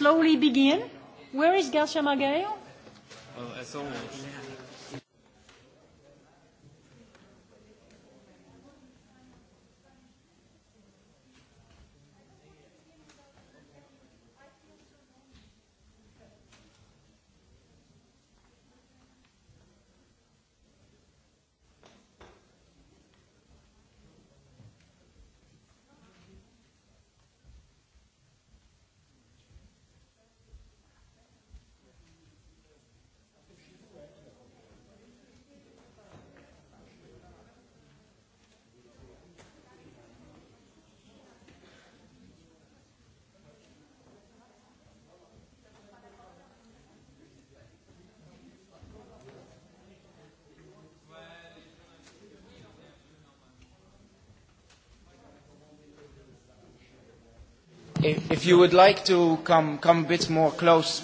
slowly begin. Where is Garcia Margallo? Oh, If you would like to come come a bit more close,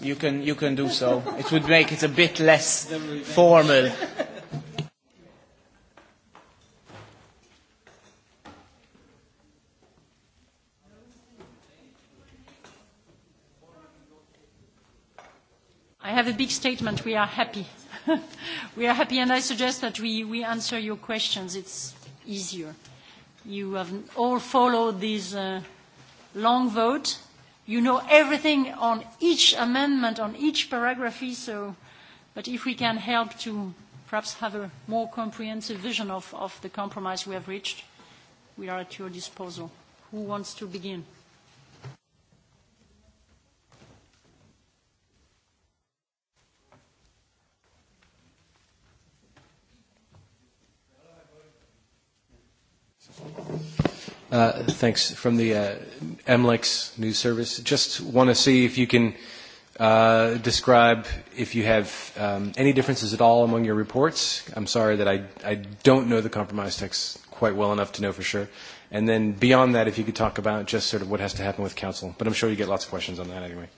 you can you can do so. It would make it a bit less formal. I have a big statement. We are happy. We are happy, and I suggest that we we answer your questions. It's easier. You have all followed these long vote. You know everything on each amendment, on each paragraph, so, but if we can help to perhaps have a more comprehensive vision of the compromise we have reached, we are at your disposal. Who wants to begin? Thanks. From the MLEX news service, just want to see if you can describe if you have any differences at all among your reports. I'm sorry that I don't know the compromise text quite well enough to know for sure. And then beyond that, if you could talk about just sort of what has to happen with council. But I'm sure you get lots of questions on that anyway.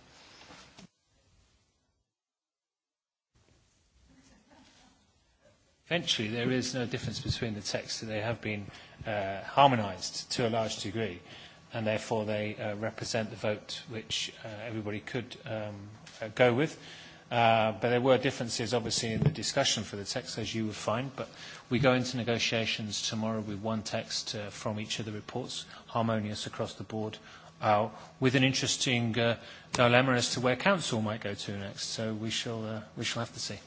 Eventually, there is no difference between the texts. They have been harmonised to a large degree, and therefore they represent the vote which everybody could go with. But there were differences, obviously, in the discussion for the text, as you would find. But we go into negotiations tomorrow with one text from each of the reports, harmonious across the board, with an interesting dilemma as to where Council might go to next. So we shall we shall have to see.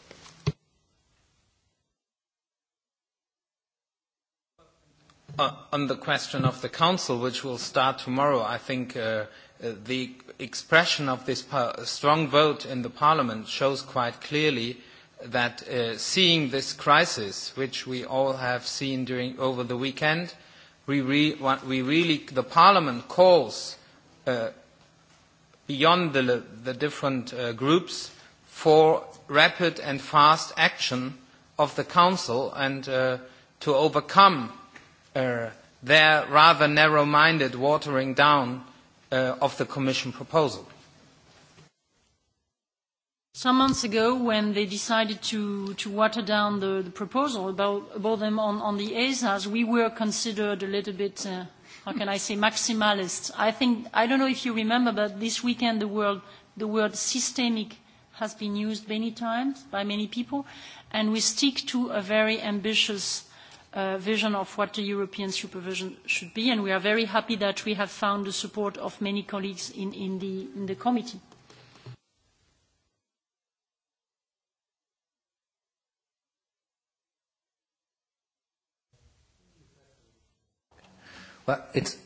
on the question of the Council, which will start tomorrow, I think the expression of this strong vote in the Parliament shows quite clearly that seeing this crisis, which we all have seen during over the weekend, the Parliament calls beyond the different groups for rapid and fast action of the Council and to overcome their rather narrow-minded watering down of the Commission proposal. Some months ago, when they decided to to water down the proposal about them on the ASAS, we were considered a little bit, how can I say, maximalist. I think, I don't know if you remember, but this weekend the word the word systemic has been used many times by many people, and we stick to a very ambitious vision of what the European supervision should be, and we are very happy that we have found the support of many colleagues in the committee. It's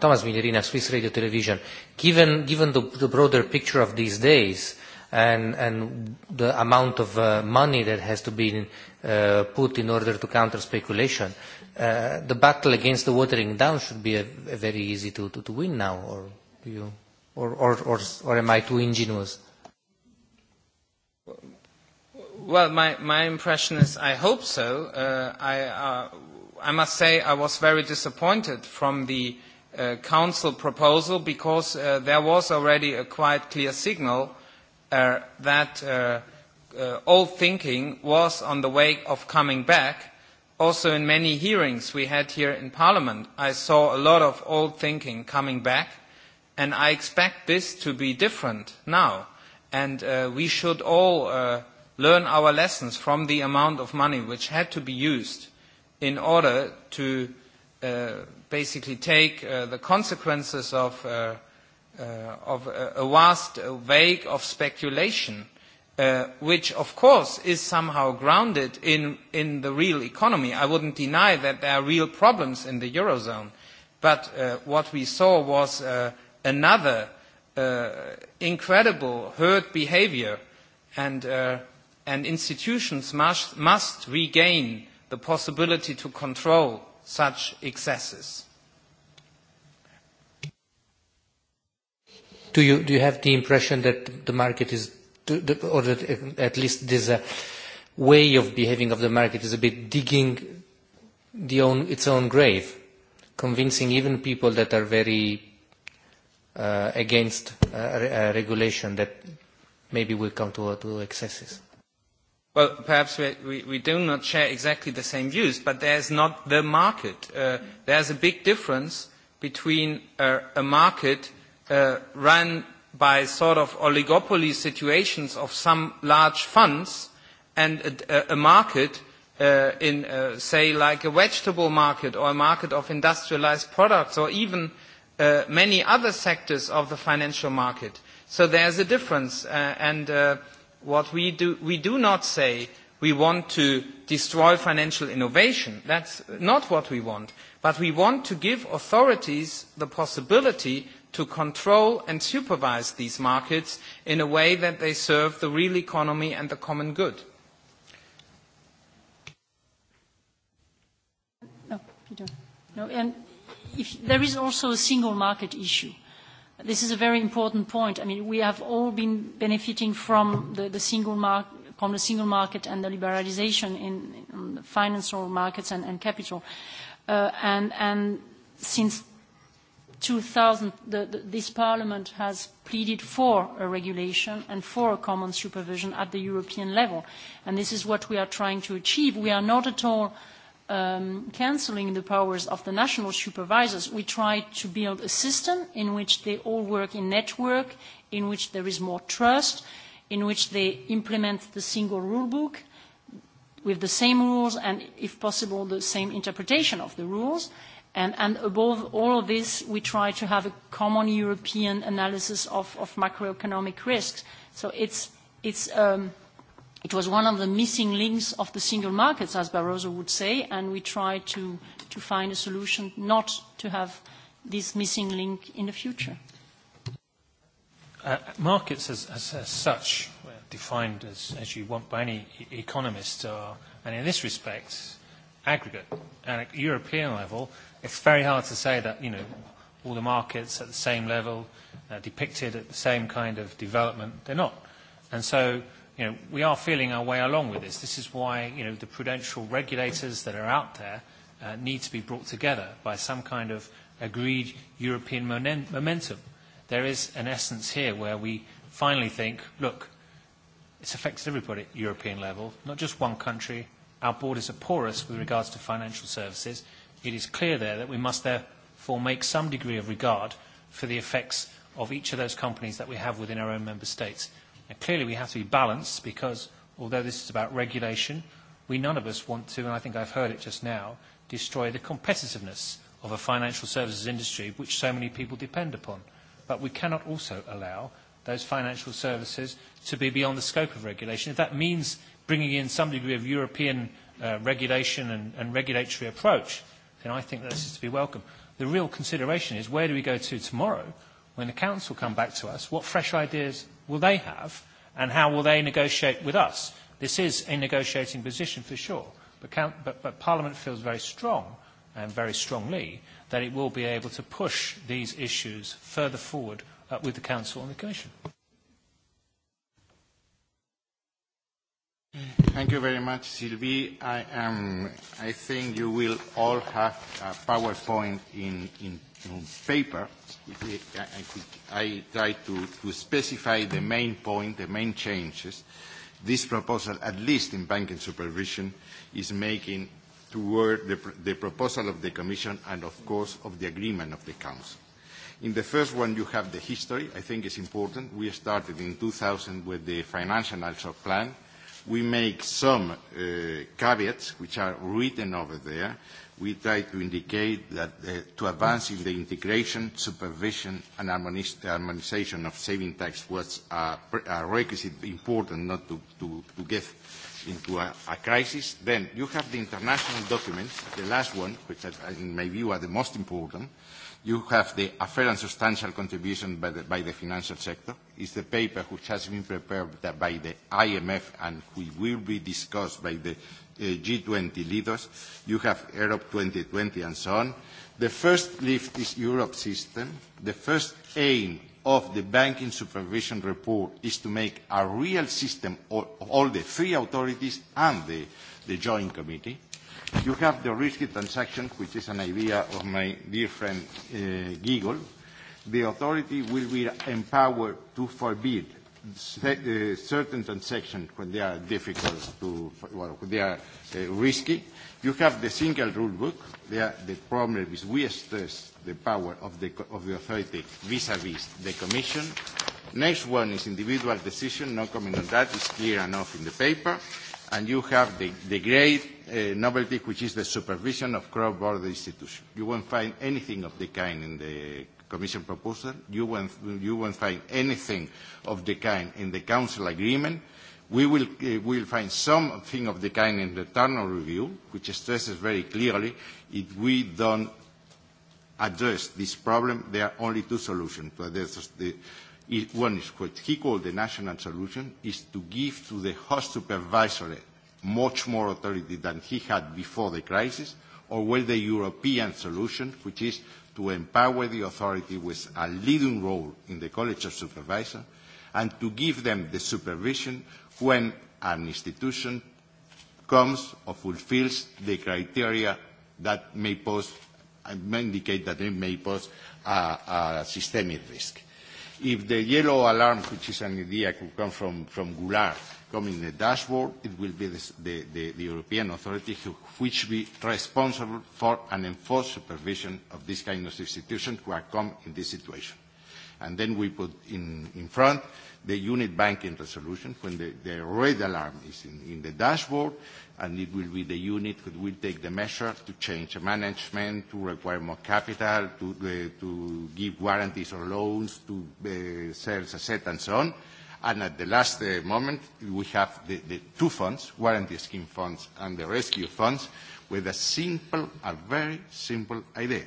Thomas Swiss Radio Television. Given the broader picture of these days, and and the amount of money that has to be put in order to counter speculation. The battle against the watering down should be very easy to to win now, or you, or or or am I too ingenuous? Well, my my impression is I hope so. I I must say I was very disappointed from the Council proposal because there was already a quite clear signal that old thinking was on the way of coming back. Also in many hearings we had here in Parliament, I saw a lot of old thinking coming back, and I expect this to be different now. And we should all learn our lessons from the amount of money which had to be used in order to basically take the consequences of of a vast vague of speculation, which of course is somehow grounded in in the real economy. I wouldn't deny that there are real problems in the eurozone, but what we saw was another incredible hurt behavior, and institutions must regain the possibility to control such excesses. do you do you have the impression that the market is or that at least this way of behaving of the market is a bit digging the own its own grave convincing even people that are very against regulation that maybe will come to excesses well perhaps we we do not share exactly the same views but there's not the market there's a big difference between a market run by sort of oligopoly situations of some large funds and a market in, say, like a vegetable market or a market of industrialized products or even many other sectors of the financial market. So there is a difference. And what we do, we do not say we want to destroy financial innovation. That's not what we want. But we want to give authorities the possibility to control and supervise these markets in a way that they serve the real economy and the common good. No, Peter. No, and There is also a single market issue. This is a very important point. I mean, we have all been benefiting from the single market from the single market and the liberalization in financial markets and capital. And since this parliament has pleaded for a regulation and for a common supervision at the european level and this is what we are trying to achieve we are not at all cancelling the powers of the national supervisors we try to build a system in which they all work in network in which there is more trust in which they implement the single rule book with the same rules and if possible the same interpretation of the rules And above all of this, we try to have a common European analysis of macroeconomic risks. So it was one of the missing links of the single markets, as Barroso would say, and we try to find a solution not to have this missing link in the future. Markets as such, defined as you want by any economist, are, and in this respect, aggregate. At European level, It's very hard to say that, you know, all the markets at the same level, depicted at the same kind of development. They're not. And so, you know, we are feeling our way along with this. This is why, you know, the prudential regulators that are out there need to be brought together by some kind of agreed European momentum. There is an essence here where we finally think, look, it's affected everybody at European level, not just one country. Our borders are porous with regards to financial services. It is clear there that we must therefore make some degree of regard for the effects of each of those companies that we have within our own member states. Clearly we have to be balanced because although this is about regulation, we none of us want to, and I think I've heard it just now, destroy the competitiveness of a financial services industry which so many people depend upon. But we cannot also allow those financial services to be beyond the scope of regulation. If that means bringing in some degree of European regulation and regulatory approach, then I think that this is to be welcome. The real consideration is where do we go to tomorrow when the Council come back to us? What fresh ideas will they have and how will they negotiate with us? This is a negotiating position for sure, but Parliament feels very strong and very strongly that it will be able to push these issues further forward with the Council and the Commission. Thank you very much, Sylvie. I, think you will all have a PowerPoint in, paper. I, try to, specify the main point, the main changes. This proposal, at least in banking supervision, is making toward the, the proposal of the Commission and, of course, of the agreement of the Council. In the first one, you have the history. I think it's important. We started in 2000 with the financial plan We make some caveats which are written over there. We try to indicate that to advance in the integration, supervision and harmonisation of saving tax was a requisite important not to get into a crisis. Then you have the international documents, the last one, which in my view are the most important You have the "A Fair and Substantial Contribution by the Financial Sector." Is the paper which has been prepared by the IMF and which will be discussed by the G20 leaders. You have Europe 2020 and so on. The first lift is Europe system. The first aim of the banking supervision report is to make a real system of all the three authorities and the joint committee. You have the risky transaction, which is an idea of my dear friend Giggle. The authority will be empowered to forbid certain transactions when they are difficult to, when they are risky. You have the single rule book. The problem is we stress the power of the authority vis-à-vis the Commission. Next one is individual decision. No comment on that. It's clear enough in the paper. And you have the great novelty, which is the supervision of cross-border institutions. You won't find anything of the kind in the Commission proposal. You won't find anything of the kind in the Council agreement. We will find something of the kind in the Turner Review, which stresses very clearly if we don't address this problem, there are only two solutions. One is what he called the national solution, is to give to the host supervisory much more authority than he had before the crisis, or will the European solution, which is to empower the authority with a leading role in the College of Supervisors and to give them the supervision when an institution comes or fulfills the criteria that may pose indicate that it may pose a systemic risk. If the yellow alarm, which is an idea could come from Goulart coming in the dashboard. It will be the European authority which will be responsible for and enforce supervision of this kind of institution who are come in this situation. And then we put in front the unit banking resolution when the red alarm is in the dashboard, and it will be the unit that will take the measure to change the management, to require more capital, to give guarantees or loans, to sell assets and so on. And at the last moment, we have the two funds, warranty scheme funds and the rescue funds, with a simple, a very simple idea.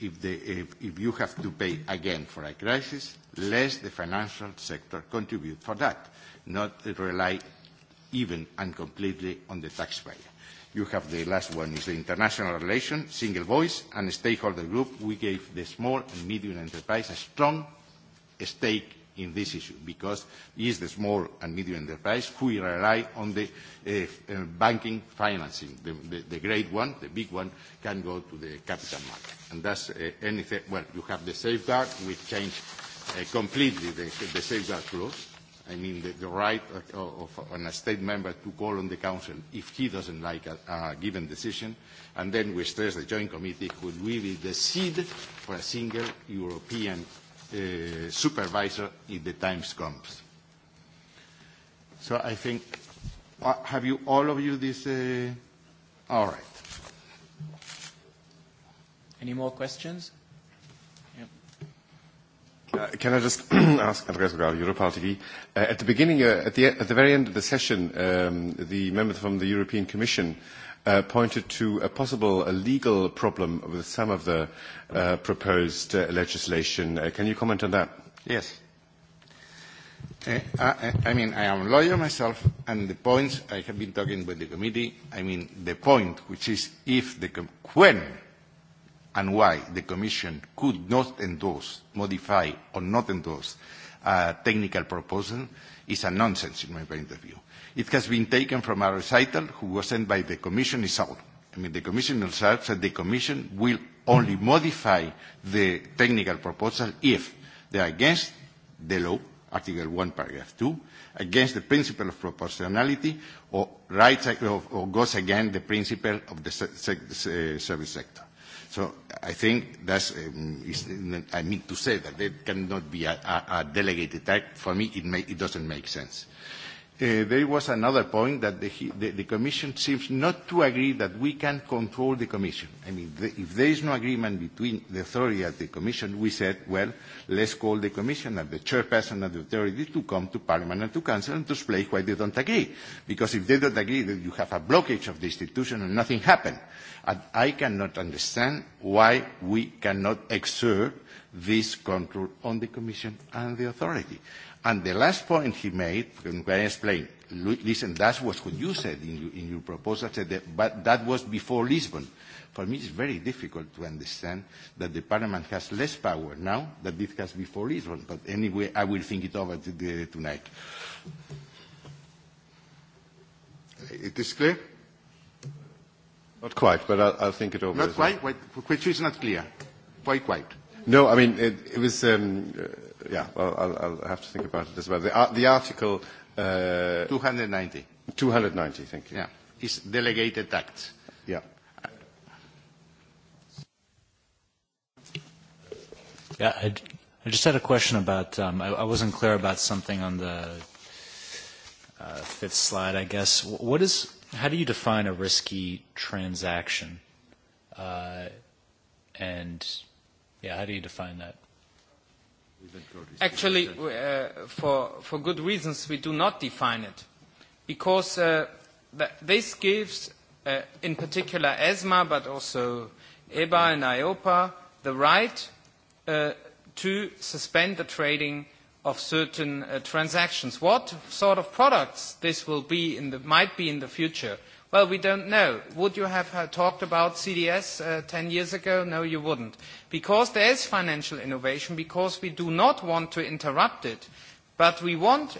If you have to pay again for a crisis, let the financial sector contribute for that, not rely even and completely on the taxpayer. You have the last one is the international relation, single voice and stakeholder group. We gave the small and medium enterprise a strong stake in this issue because it is the small and medium enterprise who rely on the banking financing. The great one, the big one, can go to the capital market. And that's anything. Well, you have the safeguard. We changed completely the safeguard clause. I mean, the right of a state member to call on the Council if he doesn't like a given decision. And then we stress the Joint Committee, could really be the seed for a single European supervisor if the time comes. So I think, have you all of you this? All right. Any more questions? Can I just ask Andreas Rogal, Europal TV? At the beginning, at the very end of the session, the member from the European Commission pointed to a possible legal problem with some of the proposed legislation. Can you comment on that? Yes. I mean, I am a lawyer myself, and the points I have been talking with the committee, I mean, the point which is if the when and why the Commission could not endorse, modify, or not endorse technical proposal is a nonsense in my point of view. It has been taken from a recital who was sent by the Commission itself. I mean, the Commission itself said the Commission will only modify the technical proposal if they are against the law, Article 1, Paragraph 2, against the principle of proportionality, or goes against the principle of the service sector. So I think that's, I mean to say that it cannot be a, a, a delegated act. For me, it, may, it doesn't make sense. There was another point that the Commission seems not to agree that we can control the Commission. I mean, if there is no agreement between the authority and the Commission, we said, well, let's call the Commission and the chairperson of the authority to come to Parliament and to Council and to explain why they don't agree. Because if they don't agree, then you have a blockage of the institution and nothing happened. And I cannot understand why we cannot exert this control on the Commission and the authority. And the last point he made, when I explained, listen, that was what you said in your proposal, said that, but that was before Lisbon. For me, it's very difficult to understand that the Parliament has less power now than it has before Lisbon. But anyway, I will think it over tonight. It is clear? Not quite, but I'll think it over. Not quite? Which is not clear? Quite, quite. No, I mean, it was, yeah, I'll have to think about it as well. The article... 290. 290, thank you. Yeah, is delegated act. Yeah. Yeah, I just had a question about, I wasn't clear about something on the fifth slide, I guess. What is, how do you define a risky transaction? And Yeah, how do you define that? Actually, for for good reasons, we do not define it, because this gives, in particular, ESMA, but also EBA and IOPA, the right to suspend the trading of certain transactions. What sort of products this will be, in might be in the future. Well, we don't know. Would you have talked about CDS 10 years ago? No, you wouldn't. Because there is financial innovation, because we do not want to interrupt it, but we want